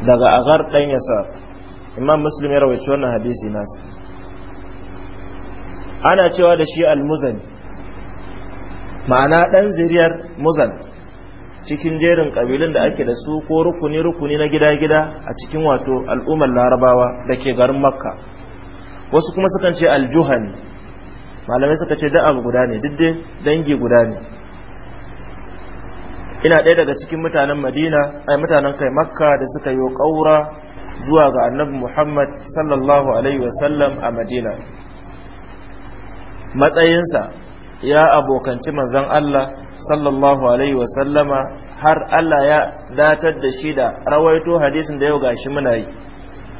daga Agar dan yasar imam muslim ya rawaici wannan hadisi nasa ana cewa da shi al muzani ma'ana dan zuriyar muzan cikin jerin kabilun da ake da su ko rukuni rukuni na gida gida a cikin wato al'ummar larabawa da ke garin makka wasu kuma sukan ce aljuhani malamai suka ce da'a guda ne diddi dangi guda ne ina ɗaya daga cikin mutanen madina ai mutanen kai makka da suka yi ƙaura zuwa ga annabi muhammad sallallahu alaihi wasallam a madina matsayinsa ya abokanci manzon Allah sallallahu alaihi wa sallama har Allah ya datar da shi da rawaito hadisin da yau gashi muna yi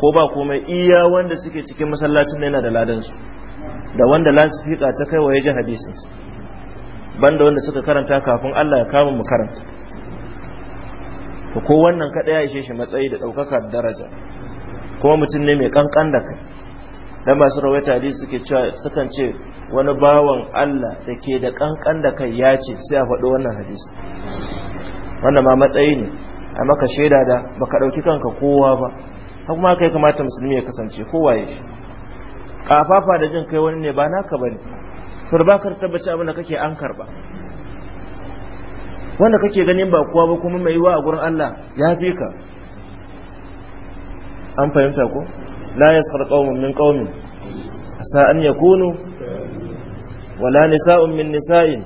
ko ba komai iya wanda suke cikin masallacin da yana da ladan su da wanda lasifika ta kai wa yaji hadisin su banda wanda suka karanta kafin Allah ya kama mu karanta to ko wannan kada ya ishe shi matsayi da daukaka daraja kuma mutum ne mai kankan da kai dan masu rawaita hadisi suke cewa sukan ce wani bawan Allah da ke da kankan da kai ya ce sai a faɗo wannan hadisi wannan ma matsayi ne a maka shaida da baka ɗauki kanka kowa ba har kuma kai kamata musulmi ya kasance kowa ya kafafa da jin kai wani ne ba naka bane turbakar tabbaci abin da kake an karba wanda kake ganin ba kowa ba kuma mai yiwa a gurin Allah ya fi ka an fahimta ko la yaskhar qaumun min qaumin asa an yakunu wala nisa'un min nisa'in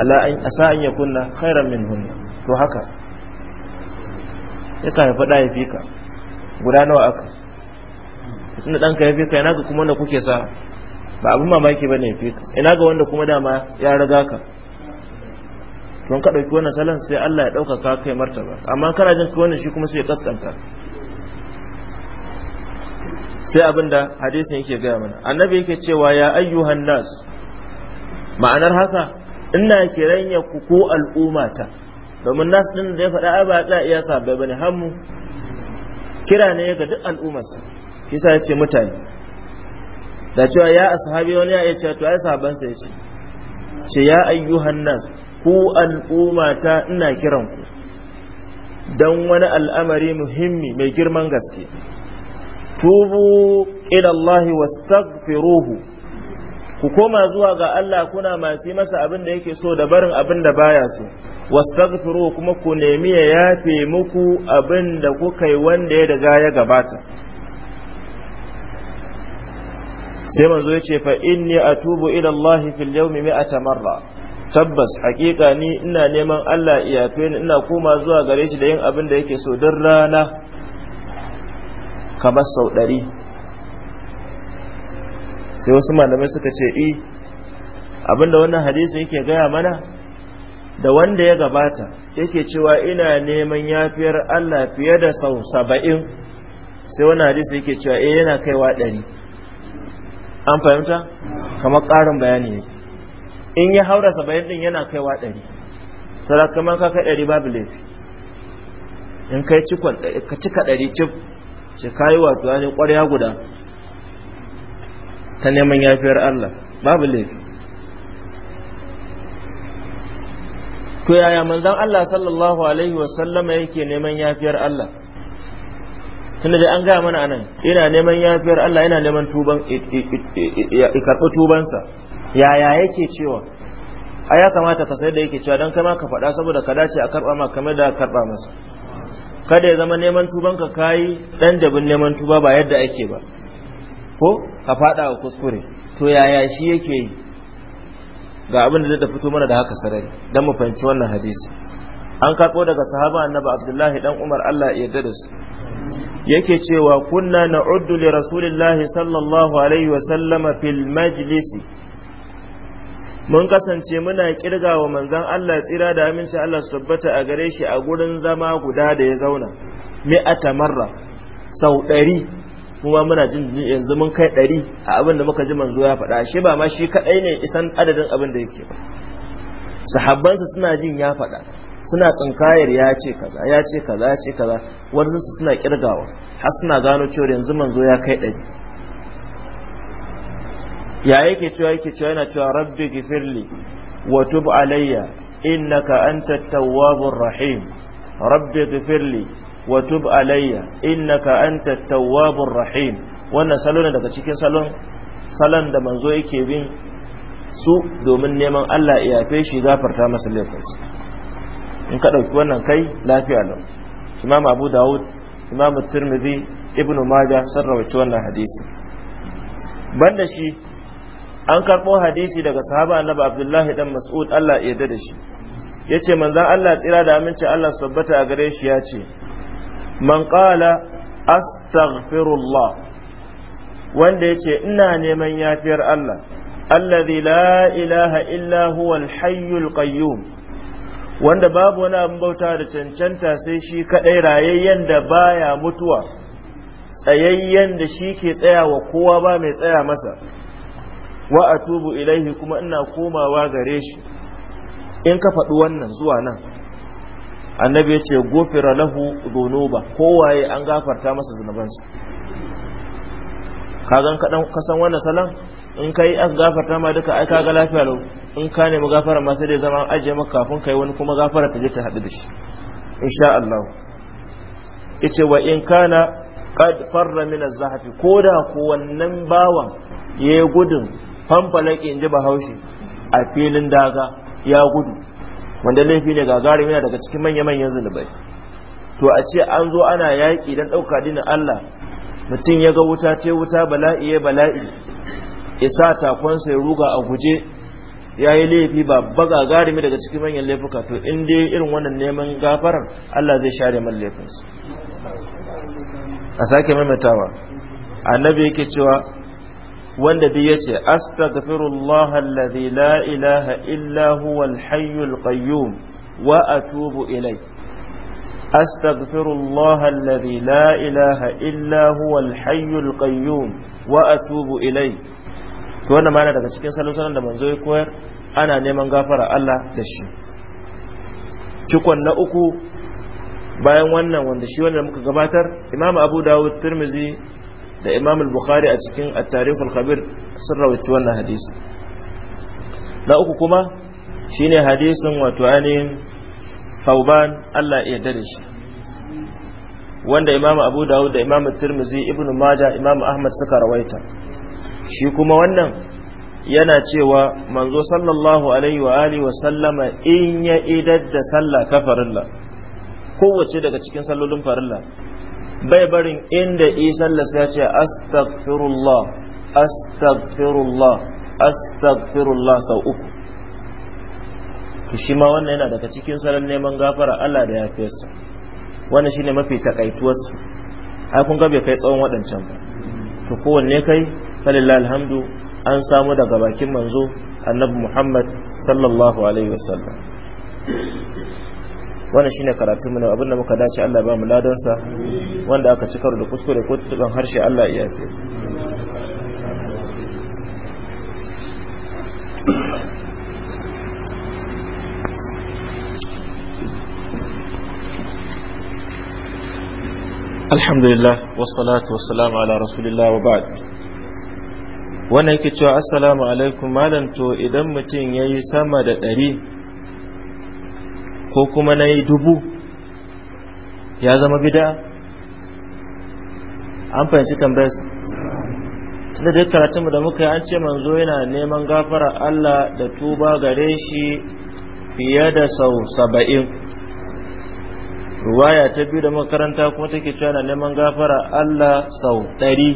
ala an asa an yakunna khairan minhun to haka ya ka haifa da yafi ka guda nawa aka Inda tunda ya fi ka ina ga kuma wanda kuke sa ba abin mamaki ba ya fi ka ina ga wanda kuma dama ya riga ka don ka ɗauki wannan salon sai Allah ya ɗaukaka kai martaba amma kana jin kai wannan shi kuma sai ya kaskanta sai abinda hadisin yake gaya mana annabi yake cewa ya ayyuhan nas ma'anar haka ina kiran ya ku ko al'umata domin nas din da ya faɗa ai ba za iya sabai bane hammu kira ne ga duk al'ummarsa yasa ya ce mutane da cewa ya ashabi wani ya ce to ai sahaban sa yace ce ya ayyuhan nas ku al'umata ina kiran ku dan wani al'amari muhimmi mai girman gaske tubu ila Allah wastaghfiruhu ku koma zuwa ga Allah kuna masu masa abin da yake so da barin abin da baya so wastaghfiruhu kuma ku nemi ya yafe muku abin da kuka yi wanda ya daga ya gabata sai manzo ya ce fa inni atubu ila Allah fil yawmi mi'ata marra tabbas hakika ni ina neman Allah iyafe ni ina koma zuwa gare shi da yin abin da yake so duk rana ka bar sau ɗari sai wasu malamai suka ce i eh, abinda wannan hadisi yake gaya mana da wanda ya gabata yake cewa ina neman yafiyar Allah fiye da sau saba'in sai wannan hadisi yake cewa eh yana kaiwa ɗari an fahimta kamar ƙarin bayani ne, in ya haura saba'in ɗin yana kaiwa ɗari sarakama ka kai ɗari babu laifi in kai cika ɗari cif ce kayi wato ne ƙwarya guda ta neman yafiyar Allah babu laifi to yaya manzan Allah sallallahu alaihi wasallama yake neman yafiyar Allah tunda da an gaya mana anan ina neman yafiyar Allah ina neman tuban karɓi tubansa yaya yake cewa a ya kamata ka sai da yake cewa don kama ka faɗa saboda ka dace a karɓa ma kamar da karɓa masa kada ya zama neman tubanka kayi dan jabin neman tuba ba yadda ake ba ko ka fada wa kuskure to yaya shi yake yi ga abin da zai fito mana da haka sarari dan mu fahimci wannan hadisi an karbo daga sahaba annabi abdullahi dan umar Allah ya yarda da su yake cewa kunna na'uddu li rasulillahi sallallahu alaihi wa sallama fil majlisi mun kasance muna kirga wa manzan Allah tsira da aminci Allah su tabbata a gare shi a gurin zama guda da ya zauna mi'ata tamarra. sau ɗari kuma muna jin yanzu mun kai ɗari a abin da muka ji manzo ya faɗa shi ba ma shi kaɗai ne isan adadin abin da yake ba sahabbansa suna jin ya faɗa suna tsinkayar ya ce kaza ya ce kaza ya ce kaza su suna kirgawa har suna gano cewa yanzu manzo ya kai ɗari ya yake cewa yake cewa yana cewa rabbi gifirli wa tub alayya innaka antat tawwabur rahim rabbi gifirli wa tub alayya innaka antat tawwabur rahim wannan salo ne daga cikin salon salon da manzo yake bin su domin neman Allah ya yafe shi gafarta masa laifinsa in ka ɗauki wannan kai lafiya lau imam abu dawud imam tirmidhi ibnu majah sun rawaito wannan hadisi banda shi an karɓo hadisi daga sahaba annabi abdullahi dan mas'ud Allah ya yarda da shi yace manzon Allah tsira da aminci Allah su tabbata a gare shi yace man qala astaghfirullah wanda yace ina neman yafiyar Allah alladhi la ilaha illa huwal hayyul qayyum wanda babu wani abin bauta da cancanta sai shi kadai rayayyen da baya mutuwa tsayayyen da shi ke tsaya wa kowa ba mai tsaya masa wa atubu ilaihi kuma ina komawa gare shi in ka faɗi wannan zuwa nan annabi ya ce gofira lahu zunuba kowaye an gafarta masa zunubansa gan kaɗan kasan wannan salon in ka yi an gafarta ma duka ai ga lafiya lau in ka nemi gafara ma sai dai zama ajiye maka kafin kai wani kuma gafara ta je ta haɗu da shi insha Allah yace wa in kana qad farra min az-zahfi koda ko wannan bawan yayi gudun fanfalaki in ji bahaushe a filin daga ya gudu wanda laifi ne gagari yana daga cikin manya-manyan zunubai to a ce an zo ana yaƙi don ɗauka dinin Allah mutum ya ga wuta ce wuta bala'i ya bala'i isa takonsa ya ruga a guje ya yi laifi babba gagarumi daga cikin manyan laifuka to in dai irin wannan neman gafarar Allah zai share man laifinsu a sake maimaitawa annabi yake cewa wanda duk yace astaghfirullah alladhi la ilaha illa huwal hayyul qayyum wa atubu ilayh astaghfirullah alladhi la ilaha illa huwal hayyul qayyum wa atubu ilayh to wannan ma daga cikin salosanan da manzo ya koyar ana neman gafara Allah da shi cikon na uku bayan wannan wanda shi wanda muka gabatar imam abu dawud tirmizi da imam al-bukhari a cikin at-tarikh al-kabir sun rawaci wannan hadisi na uku kuma shine hadisin wato ainihin sauban Allah ya yarda shi wanda imam abu dawud da imam tirmizi ibnu majah imam ahmad suka rawaita shi kuma wannan yana cewa manzo sallallahu alaihi wa alihi wa sallama in ya idar da sallah ta farilla kowace daga cikin sallolin farilla bai barin inda isan lasa ce astaghfirullah astaghfirullah astaghfirullah sau uku to shi ma wannan yana daga cikin salon neman gafara Allah da ya fesa wannan shine mafi takaituwarsa ai kun ga kai tsawon waɗancan ba to kowanne kai falillahi alhamdu an samu daga bakin manzo annabi Muhammad sallallahu alaihi wasallam wannan shine karatun mu abinda muka dace Allah ba mu ladan sa wanda aka cikar da kuskure ko tuban harshe Allah ya yafe Alhamdulillah wassalatu wassalamu ala rasulillah wa ba'd wannan yake cewa assalamu alaikum malam to idan mutum yayi sama da ɗari ko kuma na yi dubu ya zama bida an fahimci tambayar tunda duk karatunmu da muka yi an ce manzo yana neman gafara Allah da tuba gare shi fiye da sau saba'in ruwaya ta biyu da makaranta kuma take cewa na neman gafara Allah sau ɗari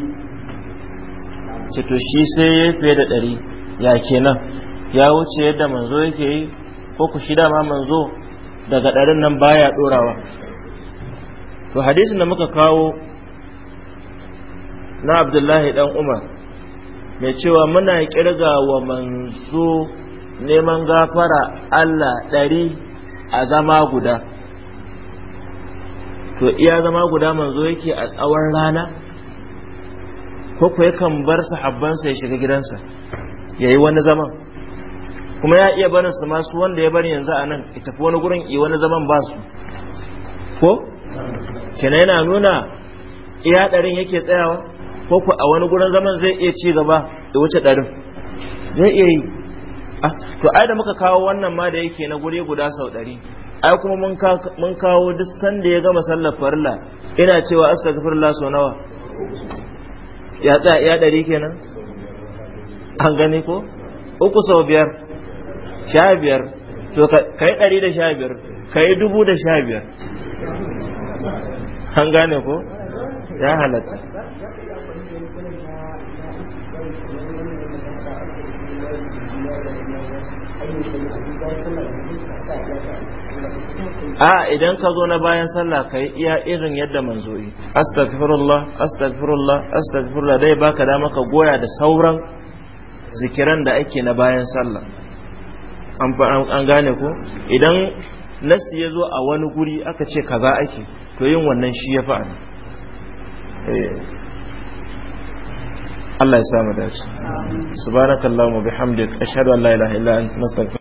cito shi sai ya fiye da ɗari ya kenan ya wuce yadda manzo yake yi ko ku shi dama manzo daga ɗarin nan baya ɗorawa to hadisin da muka kawo na abdullahi ɗan umar mai cewa muna ƙirga wa manzo neman gafara allah ɗari a zama guda to iya zama guda manzo yake a tsawon rana ko kuwa yakan bar sahabbansa ya shiga gidansa ya yi wani zaman kuma ya iya barin su masu wanda ya bari yanzu a nan ya tafi wani gurin i wani zaman ba su ko kina yana nuna iya ɗarin yake tsayawa ko ku a wani gurin zaman zai iya ci gaba da wuce ɗarin zai iya yi ah, to ai da muka kawo wannan ma da yake na guri guda sau ɗari ai kuma mun kawo duk sanda ya gama sallar farla ina cewa astaghfirullah sau nawa ya tsaya iya ɗari kenan an gani ko uku sau biyar sha biyar to ka yi ɗari da sha biyar ka yi dubu da sha biyar an gane ko ya halatta a idan ka zo na bayan sallah ka yi iya irin yadda manzo yi astaghfirullah astaghfirullah astaghfirullah dai baka da maka goya da sauran zikiran da ake na bayan sallah an gane ko idan nasi ya zo a wani guri aka ce kaza ake to yin wannan shi ya fa'a eh. Allah ya samu dace subhanakallahumma bihamdika ashhadu an la ilaha illa anta nastaghfiruka